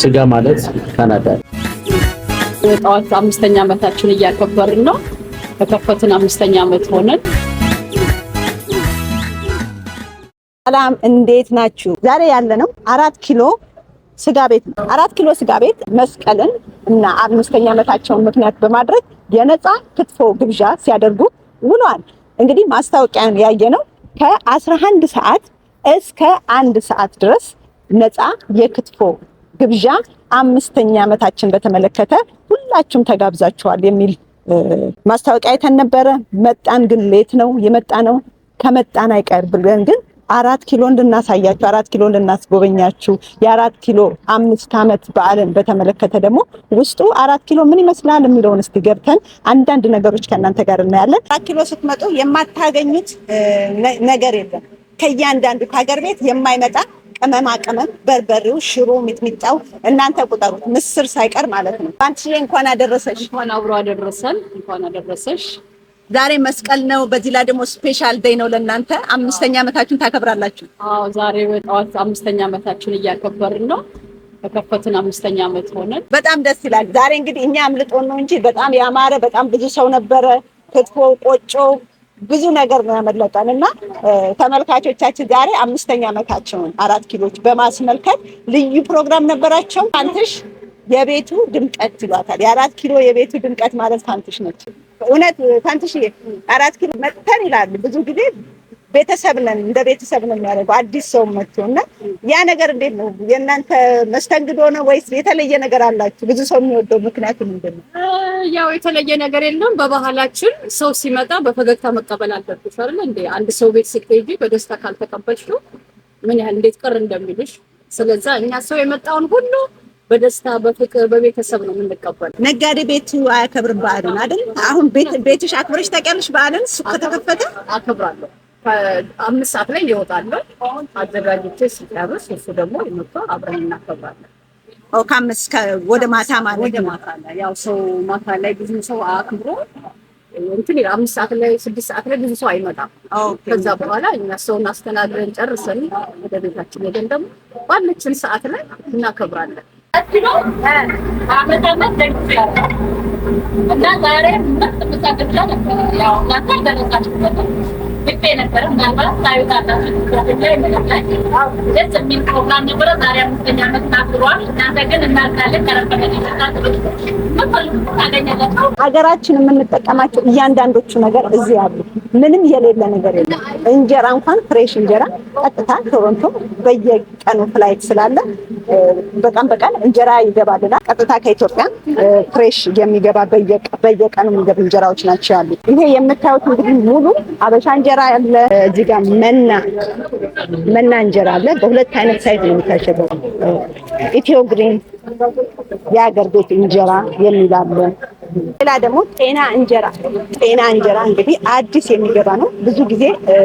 ስጋ ማለት ካናዳ ወጣት አምስተኛ ዓመታችን እያከበርን ነው። ከከፈትን አምስተኛ ዓመት ሆነን። ሰላም እንዴት ናችሁ? ዛሬ ያለ ነው አራት ኪሎ ስጋ ቤት ነው። አራት ኪሎ ስጋ ቤት መስቀልን እና አምስተኛ ዓመታቸውን ምክንያት በማድረግ የነፃ ክትፎ ግብዣ ሲያደርጉ ውሏል እንግዲህ ማስታወቂያን ያየ ነው ከ11 ሰዓት እስከ አንድ ሰዓት ድረስ ነፃ የክትፎ ግብዣ አምስተኛ ዓመታችን በተመለከተ ሁላችሁም ተጋብዛችኋል የሚል ማስታወቂያ አይተን ነበረ። መጣን፣ ግን ሌት ነው የመጣ ነው። ከመጣን አይቀር ብለን ግን አራት ኪሎ እንድናሳያችሁ አራት ኪሎ እንድናስጎበኛችሁ የአራት ኪሎ አምስት ዓመት በዓልን በተመለከተ ደግሞ ውስጡ አራት ኪሎ ምን ይመስላል የሚለውን እስቲ ገብተን አንዳንድ ነገሮች ከእናንተ ጋር እናያለን። አራት ኪሎ ስትመጡ የማታገኙት ነገር የለም። ከእያንዳንዱ ከሀገር ቤት የማይመጣ ቅመማ ቅመም፣ በርበሬው፣ ሽሮ፣ ሚጥሚጣው እናንተ ቁጠሩት፣ ምስር ሳይቀር ማለት ነው። አንቺዬ እንኳን አደረሰሽ። እንኳን አብሮ አደረሰን። እንኳን አደረሰሽ። ዛሬ መስቀል ነው። በዚህ ላይ ደግሞ ስፔሻል ዴይ ነው ለእናንተ። አምስተኛ ዓመታችሁን ታከብራላችሁ። አዎ ዛሬ በጠዋት አምስተኛ ዓመታችሁን እያከበርን ነው። ከከፈትን አምስተኛ ዓመት ሆነን በጣም ደስ ይላል። ዛሬ እንግዲህ እኛ አምልጦን ነው እንጂ በጣም ያማረ በጣም ብዙ ሰው ነበረ። ክትፎ ቆጮ ብዙ ነገር ነው ያመለጠን እና ተመልካቾቻችን ዛሬ አምስተኛ ዓመታቸውን አራት ኪሎች በማስመልከት ልዩ ፕሮግራም ነበራቸው። ፋንትሽ የቤቱ ድምቀት ይሏታል። የአራት ኪሎ የቤቱ ድምቀት ማለት ፋንትሽ ነች። እውነት ፋንትሽ አራት ኪሎ መጥተን ይላሉ ብዙ ጊዜ ቤተሰብ ነን፣ እንደ ቤተሰብ ነው የሚያደርገው አዲስ ሰው መጥቶ እና ያ ነገር እንዴት ነው የእናንተ መስተንግዶ ነው ወይስ የተለየ ነገር አላችሁ? ብዙ ሰው የሚወደው ምክንያቱ ምንድን ነው? ያው የተለየ ነገር የለም። በባህላችን ሰው ሲመጣ በፈገግታ መቀበል አለብሽ አይደል እንዴ? አንድ ሰው ቤት ስትሄጂ በደስታ ካልተቀበልሽ ነው ምን ያህል እንዴት ቅር እንደሚልሽ። ስለዛ እኛ ሰው የመጣውን ሁሉ በደስታ በፍቅር በቤተሰብ ነው የምንቀበል። ነጋዴ ቤቱ አያከብርም በዓልን አይደል? አሁን ቤትሽ አክብረሽ ታውቂያለሽ በዓልን? ሱቅ ከተከፈተ አክብራለሁ አምስት ሰዓት ላይ ይወጣለሁ አዘጋጅቼ ሲጨርስ እሱ ደግሞ መጥቶ አብረን እናከብራለን። ከአምስት ወደ ማታ ማለት ወደ ማታ ላይ ያው ሰው ማታ ላይ ብዙ ሰው አክብሮ እንትን አምስት ሰዓት ላይ ስድስት ሰዓት ላይ ብዙ ሰው አይመጣም። ከዛ በኋላ እኛ ሰውን አስተናግረን ጨርሰን ወደ ቤታችን ሄደን ደግሞ ባለችን ሰዓት ላይ እናከብራለን እና ዛሬ ምሳ ያው ደረሳችሁበት የነበረ ምናልባት ላዩት ደስ የሚል ፕሮግራም ነበረ። ዛሬ አምስተኛ ዓመት አክብሯል። እናንተ ግን እናልካለን ሀገራችን የምንጠቀማቸው እያንዳንዶቹ ነገር እዚህ አሉ። ምንም የሌለ ነገር የለም። እንጀራ እንኳን ፍሬሽ እንጀራ ቀጥታ ቶሮንቶ በየቀኑ ፍላይት ስላለ በቀን በቀን እንጀራ ይገባልና ቀጥታ ከኢትዮጵያ ፍሬሽ የሚገባ በየቀኑ የሚገቡ እንጀራዎች ናቸው ያሉ ይሄ የምታዩት እንግዲህ ሙሉ አበሻ እንጀራ አለ። እዚህ ጋር መና መና እንጀራ አለ። በሁለት አይነት ሳይዝ ነው የሚታሸገው። ኢትዮ ግሪን የሀገር ቤት እንጀራ የሚላለ ሌላ ደግሞ ጤና እንጀራ። ጤና እንጀራ እንግዲህ አዲስ የሚገባ ነው። ብዙ ጊዜ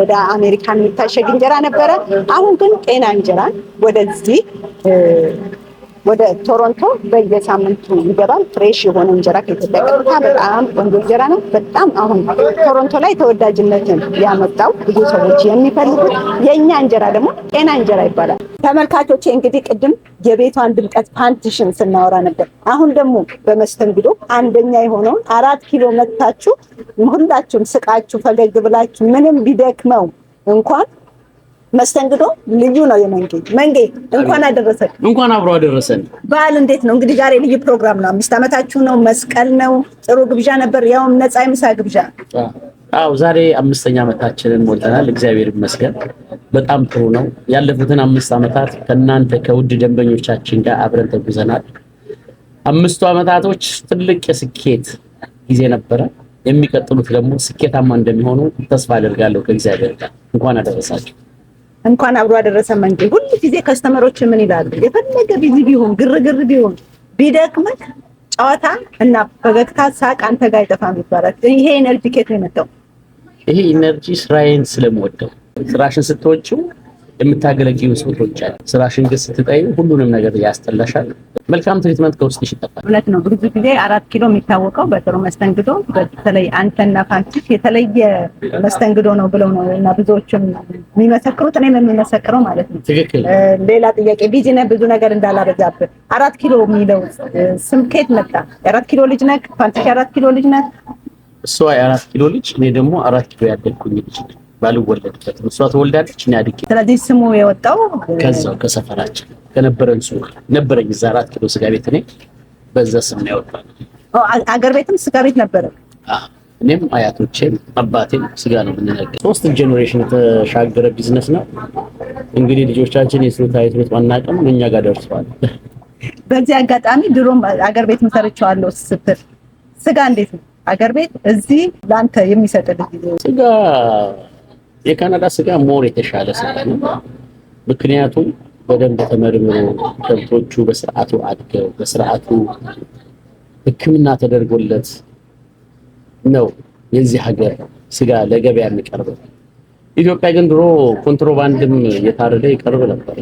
ወደ አሜሪካ የሚታሸግ እንጀራ ነበረ። አሁን ግን ጤና እንጀራን ወደዚህ ወደ ቶሮንቶ በየሳምንቱ ይገባል። ፍሬሽ የሆነ እንጀራ ከኢትዮጵያ ቀጥታ በጣም ቆንጆ እንጀራ ነው። በጣም አሁን ቶሮንቶ ላይ ተወዳጅነትን ያመጣው ብዙ ሰዎች የሚፈልጉት የእኛ እንጀራ ደግሞ ጤና እንጀራ ይባላል። ተመልካቾቼ እንግዲህ ቅድም የቤቷን ድምቀት ፓንቲሽን ስናወራ ነበር። አሁን ደግሞ በመስተንግዶ አንደኛ የሆነውን አራት ኪሎ መታችሁ ሁላችሁም ስቃችሁ ፈገግ ብላችሁ ምንም ቢደክመው እንኳን መስተንግዶ ልዩ ነው። የመንጌ መንጌ እንኳን አደረሰን። እንኳን አብሮ አደረሰን። በዓል እንዴት ነው? እንግዲህ ዛሬ ልዩ ፕሮግራም ነው። አምስት ዓመታችሁ ነው። መስቀል ነው። ጥሩ ግብዣ ነበር፣ ያውም ነፃ የምሳ ግብዣ። አዎ ዛሬ አምስተኛ ዓመታችንን ሞልተናል። እግዚአብሔር ይመስገን። በጣም ጥሩ ነው። ያለፉትን አምስት ዓመታት ከእናንተ ከውድ ደንበኞቻችን ጋር አብረን ተጉዘናል። አምስቱ ዓመታቶች ትልቅ የስኬት ጊዜ ነበረ። የሚቀጥሉት ደግሞ ስኬታማ እንደሚሆኑ ተስፋ አደርጋለሁ ከእግዚአብሔር ጋር። እንኳን አደረሳችሁ። እንኳን አብሮ አደረሰ መንገድ። ሁል ጊዜ ከስተመሮች ምን ይላሉ? የፈለገ ቢዚ ቢሆን ግርግር ቢሆን ቢደክምህ ጨዋታ እና ፈገግታ፣ ሳቅ አንተ ጋር አይጠፋም ይባላል። ይሄ ኤነርጂ ኬት ነው የመጣው። ይሄ ኤነርጂ ስራዬን ስለምወደው ስራሽን ስትወጪው የምታገለግዩ ሰዎች አለ ስራሽን ግን ስትጠይ ሁሉንም ነገር ያስጠላሻል። መልካም ትሪትመንት ከውስጥሽ ይጠፋል። እውነት ነው። ብዙ ጊዜ አራት ኪሎ የሚታወቀው በጥሩ መስተንግዶ፣ በተለይ አንተና ፋንቲሽ የተለየ መስተንግዶ ነው ብለው ነው እና ብዙዎችም የሚመሰክሩት እኔም የሚመሰክረው ማለት ነው። ትክክል። ሌላ ጥያቄ ቢዚ ብዙ ነገር እንዳላበዛብህ አራት ኪሎ የሚለው ስም ከየት መጣ? የአራት ኪሎ ልጅ ነህ ፋንቲሽ? የአራት ኪሎ ልጅ ነህ? እሷ የአራት ኪሎ ልጅ እኔ ደግሞ አራት ኪሎ ያደግኩኝ ልጅ ነው። ባልወለድበትም እሷ ተወልዳለች፣ እኔ አድጌ። ስለዚህ ስሙ የወጣው ከዛው ከሰፈራችን ከነበረን ሱቅ ነበረኝ እዛ አራት ኪሎ ስጋ ቤት፣ እኔ በዛ ስም ነው ያወጣው። አገር ቤትም ስጋ ቤት ነበረ። እኔም አያቶቼም አባቴም ስጋ ነው የምንነግድ። ሶስት ጀኔሬሽን የተሻገረ ቢዝነስ ነው እንግዲህ። ልጆቻችን የስሩት አይስሩት ማናቀም እኛ ጋር ደርሰዋል። በዚህ አጋጣሚ ድሮም አገር ቤት ምሰርቸዋለሁ ስትል ስጋ እንዴት ነው አገር ቤት እዚህ ለአንተ የሚሰጥልህ ስጋ የካናዳ ስጋ ሞር የተሻለ ስጋ ነው። ምክንያቱም በደንብ ተመርምሮ ከብቶቹ በስርዓቱ አድገው በስርዓቱ ሕክምና ተደርጎለት ነው የዚህ ሀገር ስጋ ለገበያ የሚቀርበው። ኢትዮጵያ ግን ድሮ ኮንትሮባንድም የታረደ ይቀርብ ነበር።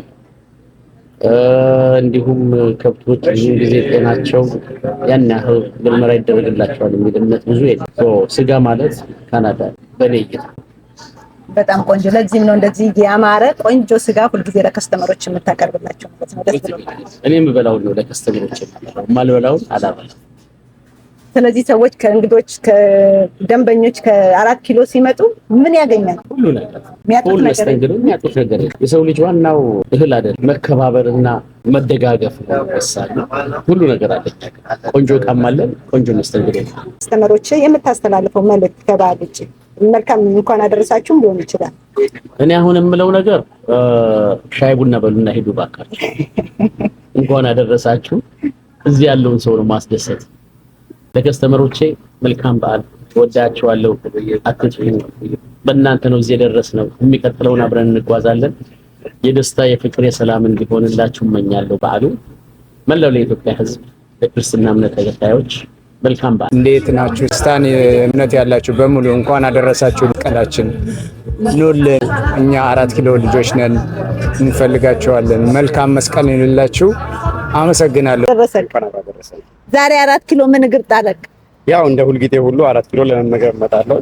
እንዲሁም ከብቶች ብዙ ጊዜ ጤናቸው ያን ያህል ምርመራ ይደረግላቸዋል የሚል እምነት ብዙ የለም። ስጋ ማለት ካናዳ በኔ እይታ በጣም ቆንጆ። ለዚህም ነው እንደዚህ ያማረ ቆንጆ ስጋ ሁልጊዜ ለከስተመሮች የምታቀርብላቸው ማለት ነው። ደስ ብሎኛል። እኔ የምበላውን ነው ለከስተመሮች የማልበላውን አላበላም። ስለዚህ ሰዎች ከእንግዶች ከደንበኞች ከአራት ኪሎ ሲመጡ ምን ያገኛል? ሁሉ ነገር ሁሉ መስተንግዶ የሚያጡት ነገር የሰው ልጅ ዋናው እህል አደለ መከባበርና መደጋገፍ ነው ወሳኝ። ሁሉ ነገር አለ። ቆንጆ እቃም አለን፣ ቆንጆ መስተንግዶ። ከስተመሮች የምታስተላልፈው መልዕክት ከበዓል ውጭ መልካም እንኳን አደረሳችሁም ሊሆን ይችላል። እኔ አሁን የምለው ነገር ሻይ ቡና በሉና ሄዱ ባካችሁ። እንኳን አደረሳችሁ። እዚህ ያለውን ሰው ነው ማስደሰት። ለከስተመሮቼ መልካም በዓል ወዳችኋለሁ። አትጥፉ። በእናንተ ነው እዚህ ነው የሚቀጥለውን አብረን እንጓዛለን። የደስታ የፍቅር፣ የሰላም እንዲሆንላችሁ እመኛለሁ። በዓሉ መላው ለኢትዮጵያ ሕዝብ ለክርስትና እምነት ተከታዮች መልካም በዓል። እንዴት ናችሁ? ስታን እምነት ያላችሁ በሙሉ እንኳን አደረሳችሁ ቀላችን ኑልን። እኛ አራት ኪሎ ልጆች ነን፣ እንፈልጋችኋለን። መልካም መስቀል ይሁንላችሁ። አመሰግናለሁ። ዛሬ አራት ኪሎ ምን እግር ጣለቅ? ያው እንደ ሁልጊዜ ሁሉ አራት ኪሎ ለመመገብ እመጣለሁ።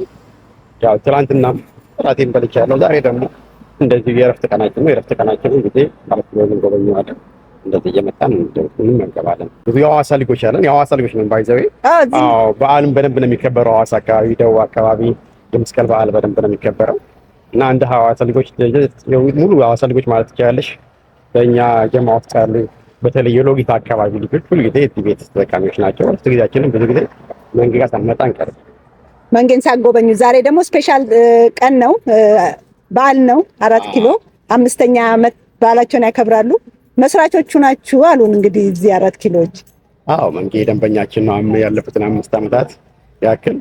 ያው ትናንትና ራቴን በልቻለሁ። ዛሬ ደግሞ እንደዚህ የእረፍት ቀናችን ነው። የእረፍት ቀናችን ጊዜ አራት ኪሎ እንጎበኘዋለን። እንደዚህ እየመጣን እንመገባለን። ብዙ የሐዋሳ ልጆች አለን። የሐዋሳ ልጆች ምን ባይዘዌ በዓልም በደንብ ነው የሚከበረው። ሐዋሳ አካባቢ፣ ደቡብ አካባቢ የመስቀል በዓል በደንብ ነው የሚከበረው እና እንደ ሐዋሳ ልጆች ሙሉ ሐዋሳ ልጆች ማለት ትችላለሽ። በእኛ ጀማ ውስጥ ያሉ በተለይ የሎጊት አካባቢ ልጆች ሁሉ ጊዜ እዚህ ቤት ተጠቃሚዎች ናቸው። እርስ ጊዜያችንም ብዙ ጊዜ መንገድ ጋር ሳንመጣ አንቀርም። መንገድ ሳንጎበኙ ዛሬ ደግሞ ስፔሻል ቀን ነው፣ በዓል ነው። አራት ኪሎ አምስተኛ ዓመት በዓላቸውን ያከብራሉ። መስራቾቹ ናችሁ አሉን። እንግዲህ እዚህ አራት ኪሎዎች አዎ መንጌ ደንበኛችን ነው። ያለፉትን አምስት ዓመታት ያክል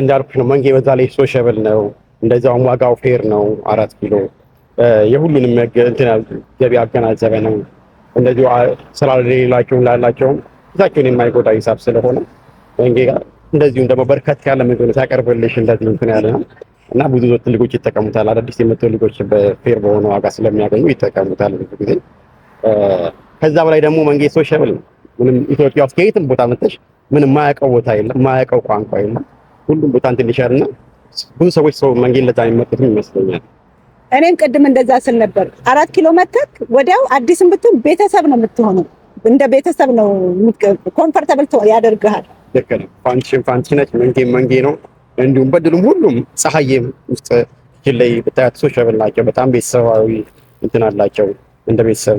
እንዳልኩሽ ነው። መንጌ በዛ ላይ ሶሻብል ነው፣ እንደዚያውም ዋጋው ፌር ነው። አራት ኪሎ የሁሉንም ገቢ ያገናዘበ ነው። እንደዚሁ ስራ ለሌላቸውም ላላቸውም ፊታቸውን የማይጎዳ ሂሳብ ስለሆነ መንጌ እንደዚሁም ደግሞ በርከት ያለ ምግብ ሲያቀርብልሽ እንደዚህ እንትን ያለ ነው። እና ብዙ ልጆች ይጠቀሙታል። አዳዲስ የመጡ ልጆች በፌር በሆነ ዋጋ ስለሚያገኙ ይጠቀሙታል ብዙ ጊዜ። ከዛ በላይ ደግሞ መንጌ ሶሻብል ነው። ምንም ኢትዮጵያ ውስጥ ከየትም ቦታ መጥተሽ ምንም ማያውቀው ቦታ የለም፣ ማያውቀው ቋንቋ የለም። ሁሉም ቦታ እንትን ይሻል እና ብዙ ሰዎች ሰው መንጌ ለዛ የሚመጡትም ይመስለኛል። እኔም ቅድም እንደዛ ስል ነበር። አራት ኪሎ መተክ ወዲያው አዲስም ብትሆን ቤተሰብ ነው የምትሆነው። እንደ ቤተሰብ ነው ኮምፈርተብል ያደርግሃል። ልክ ነው። ፋንትሽን ፋንቺ ነች፣ መንጌ መንጌ ነው። እንዲሁም በድልም ሁሉም ፀሐይም ውስጥ ላይ ብታያት ሶሻል ናቸው። በጣም ቤተሰባዊ እንትን አላቸው። እንደ ቤተሰብ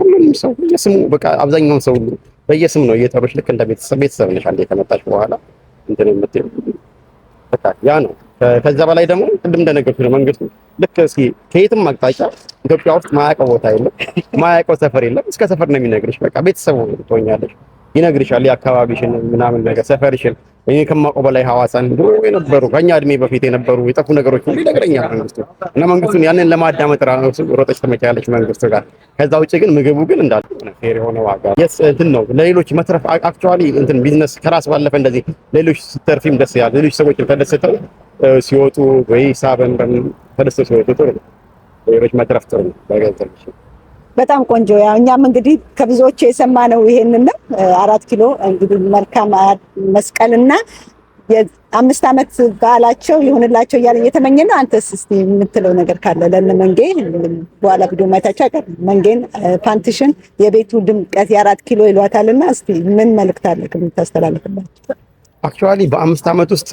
ሁሉም ሰው በየስሙ በቃ አብዛኛውን ሰው ሁሉ በየስም ነው እየጠሩች ልክ እንደ ቤተሰብ ቤተሰብ ነሽ አንዴ ከመጣች በኋላ እንትን የምትይው በቃ ያ ነው። ከዛ በላይ ደግሞ ቅድም እንደነገርኩ ነው መንግስቱ ልክ እስኪ ከየትም አቅጣጫ ኢትዮጵያ ውስጥ ማያውቀው ቦታ የለም፣ ማያውቀው ሰፈር የለም። እስከ ሰፈር ነው የሚነግርሽ። በቃ ቤተሰቡ ትሆኛለሽ፣ ይነግርሻል የአካባቢሽን ምናምን ነገር ሰፈርሽን እኔ ከማውቀው በላይ ሐዋሳን ድሮ የነበሩ ከኛ እድሜ በፊት የነበሩ የጠፉ ነገሮች ሁሉ ይነግረኛል መንግስቱ እና መንግስቱን ያንን ለማዳመጥ ሮጠች ተመቻለች መንግስቱ ጋር። ከዛ ውጭ ግን ምግቡ ግን እንዳለ ፌር የሆነ ዋጋ የስ እንትን ነው ለሌሎች መትረፍ አክቹዋሊ እንትን ቢዝነስ ከራስ ባለፈ እንደዚህ ለሌሎች ስተርፊም ደስ ያለ ሌሎች ሰዎች ተደስተው ሲወጡ ወይ ሳበን ተደስተው ሲወጡ ጥሩ ነው። ሌሎች መትረፍ ጥሩ ነው። በጣም ቆንጆ። ያው እኛም እንግዲህ ከብዙዎቹ የሰማነው ይሄንን ነው። አራት ኪሎ እንግዲህ መልካም መስቀልና የአምስት ዓመት በዓላቸው ይሁንላቸው እያለ እየተመኘ ነው። አንተስ እስኪ የምትለው ነገር ካለ ለን መንጌ በኋላ ቪዲዮ ማየታቸው አይቀርም። መንጌን ፓንትሽን የቤቱ ድምቀት የአራት ኪሎ ይሏታል እስኪ ምን መልክት አለ የምታስተላልፍላቸው? አክቹዋሊ በአምስት ዓመት ውስጥ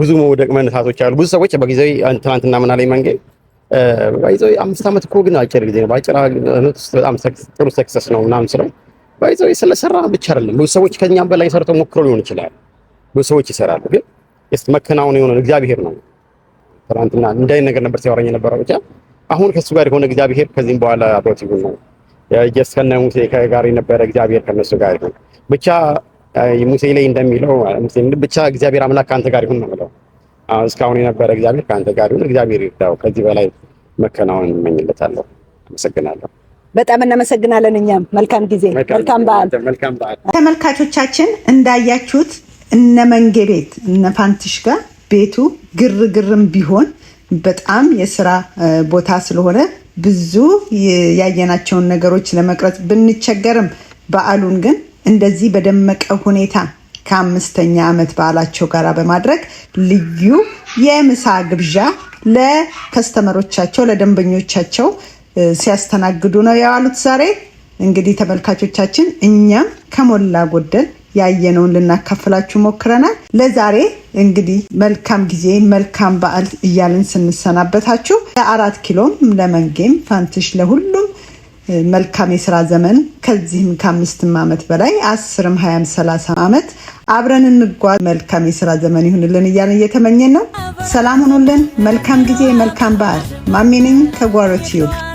ብዙ መውደቅ መነሳቶች አሉ። ብዙ ሰዎች በጊዜ ትናንትና ምናለኝ መንጌ ባይዞ አምስት ዓመት እኮ ግን አጭር ጊዜ ነው። በአጭር ዓመት ውስጥ በጣም ጥሩ ሰክሰስ ነው ምናምን ስለው ስለሰራ ብቻ አይደለም። ብዙ ሰዎች ከእኛም በላይ ሰርተው ሞክረው ሊሆን ይችላል። ብዙ ሰዎች ይሰራሉ፣ ግን ስ መከናወን የሆነ እግዚአብሔር ነው። ትናንትና እንዳይ ነገር ነበር ሲያወራኝ የነበረው ብቻ አሁን ጋር የሆነ እግዚአብሔር ከዚህም በኋላ አብሮት ይሁን ነው ሙሴ ጋር የነበረ እግዚአብሔር ከነሱ ጋር ይሁን ብቻ ሙሴ ላይ እንደሚለው ብቻ እግዚአብሔር አምላክ ከአንተ ጋር ይሁን ነው የምለው እስካሁን የነበረ እግዚአብሔር ከአንተ ጋር ይሁን። እግዚአብሔር ይርዳው። ከዚህ በላይ መከናወን እመኝለታለሁ። አመሰግናለሁ። በጣም እናመሰግናለን። እኛም መልካም ጊዜ፣ መልካም በዓል። ተመልካቾቻችን እንዳያችሁት እነ መንጌ ቤት እነ ፋንትሽ ጋር ቤቱ ግርግርም ቢሆን በጣም የስራ ቦታ ስለሆነ ብዙ ያየናቸውን ነገሮች ለመቅረጽ ብንቸገርም በዓሉን ግን እንደዚህ በደመቀ ሁኔታ ከአምስተኛ ዓመት በዓላቸው ጋር በማድረግ ልዩ የምሳ ግብዣ ለከስተመሮቻቸው ለደንበኞቻቸው ሲያስተናግዱ ነው የዋሉት። ዛሬ እንግዲህ ተመልካቾቻችን እኛም ከሞላ ጎደል ያየነውን ልናካፍላችሁ ሞክረናል። ለዛሬ እንግዲህ መልካም ጊዜ መልካም በዓል እያልን ስንሰናበታችሁ ለአራት ኪሎም ለመንጌም ፋንትሽ ለሁሉም መልካም የስራ ዘመን ከዚህም ከአምስትም ዓመት በላይ አስርም ሀያም ሰላሳ ዓመት አብረን እንጓዝ። መልካም የስራ ዘመን ይሁንልን እያለን እየተመኘን ነው። ሰላም ሁኑልን። መልካም ጊዜ፣ መልካም በዓል። ማሜ ነኝ ከጓሮች